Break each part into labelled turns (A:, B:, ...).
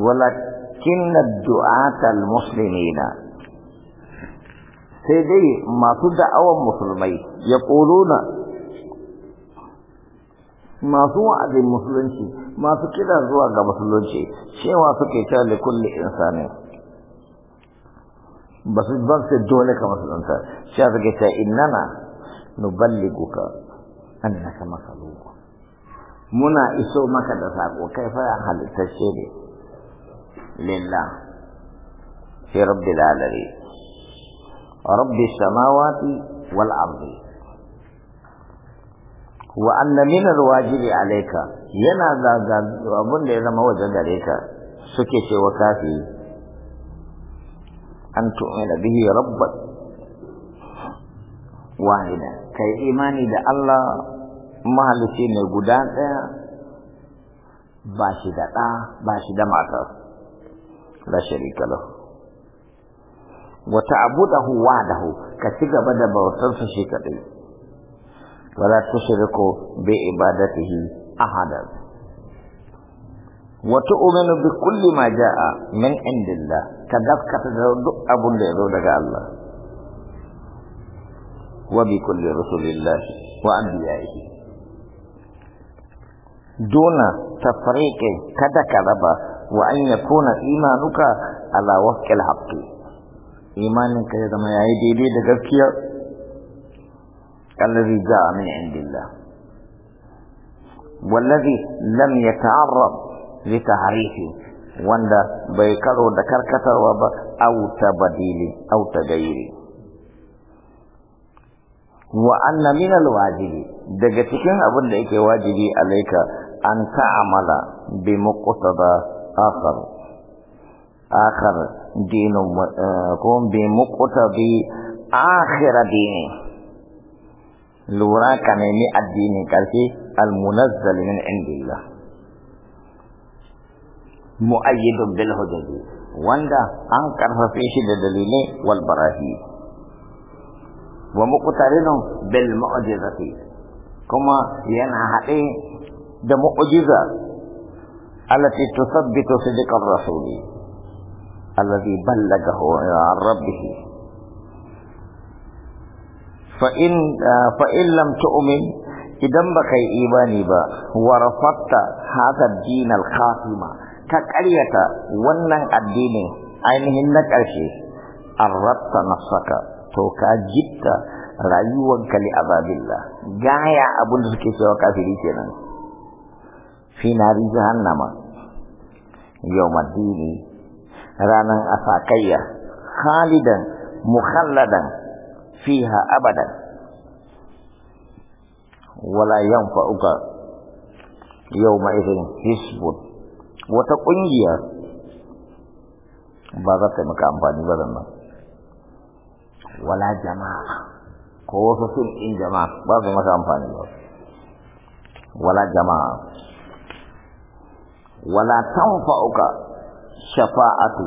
A: ولكن الدعاة المسلمين sai dai masu da'awan musulmai ya na masu wa'azin musulunci masu kira zuwa ga musulunci cewa suke ta da kulli insani ba su ba su dole ka musulunta cewa muna iso maka da sako kai fa halittacce ne لله في رب العالمين رب السماوات والأرض وأن من الواجب عليك ينا ذا أبن لنا ما وجد عليك سكت وكافي أن تؤمن به ربك واحدا كي إيماني دا الله مهلسين قدان ba shi da ɗa ba shi da matar لا شريك له وتعبده وعده كثيرا بدا بوطنس شيء ولا تشرك بعبادته أحدا وتؤمن بكل ما جاء من عند الله كذبك تزود أبو لعبودك الله وبكل رسول الله وأنبيائه دون تفريق كذا كذبا wa an yakuna imanuka ala wakil haqqi imanin ka ya zama yayi daidai da gaskiya allazi a min indillah wallazi lam yata'arrab li harifi wanda bai karo da karkatarwa ba au tabadili au tagayiri wa anna min alwajibi daga cikin abin da yake wajibi alaika an ta'amala bi muqtada آخر آخر دين قوم بمقتضي آخر دينه لورا كان يمي الدين كالكي المنزل من عند الله مؤيد بالهدد واندا انكر فيه الدليل والبراهي ومقترن بالمعجزة كما ينهى ده معجزة التي تثبت صدق الرسول الذي بلغه عن ربه فإن, فإن لم تؤمن إذن بك إيماني با ورفضت هذا الدين الخاتمة كقرية ونن الدين أين هنك أشي أردت نفسك توكا جبت رأيوانك لأباب الله جاية أبو نسكي في كافي fi nari jahannama yawma dini ranan asakayya khalidan mukhalladan fiha abadan wala fa'uka yawma idhin hisbun wata kungiya ba za ta maka amfani ba zan wala jama'a ko wasu sun in jama'a ba su maka amfani ba wala jama'a wala uka shafa'atu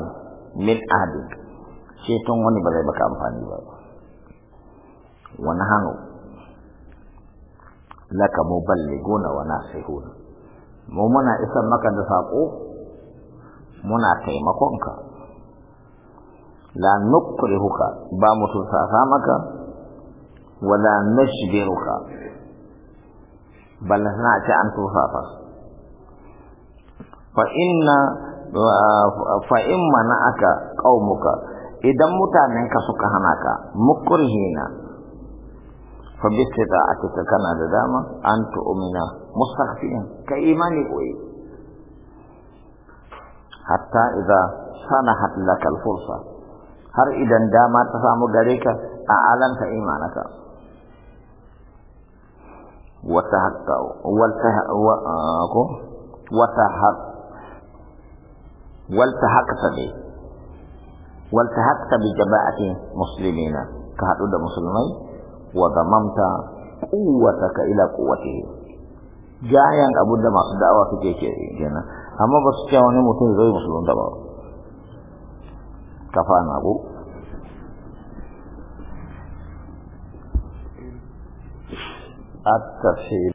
A: min adi. ceton wani ba zai baka ba wani hannu laka muballiguna wa nasihun mu muna isar maka da saƙo muna taimakonka la nukrihuka ba mu tursasa maka wala nashbiruka balla na ce an tursasa fa inna fa in mana'aka qaumuka idan mutanenka suka hana ka mukurhina fa bi istita'atika kana da dama an tu'mina mustaghfirin ka imani koyi hatta idza sanahat laka al-fursa har idan dama ta samu gare ka a alanta imanaka wata haƙƙa wata haƙƙa waltahaqta bi waltahaqta bi jama'ati muslimina ka haɗu da musulmai wa gamamta quwwataka ila quwwatihi jayan abun da masu da'awa suke ke kenan amma ba su cewa wani mutum zai musulun ba kafa na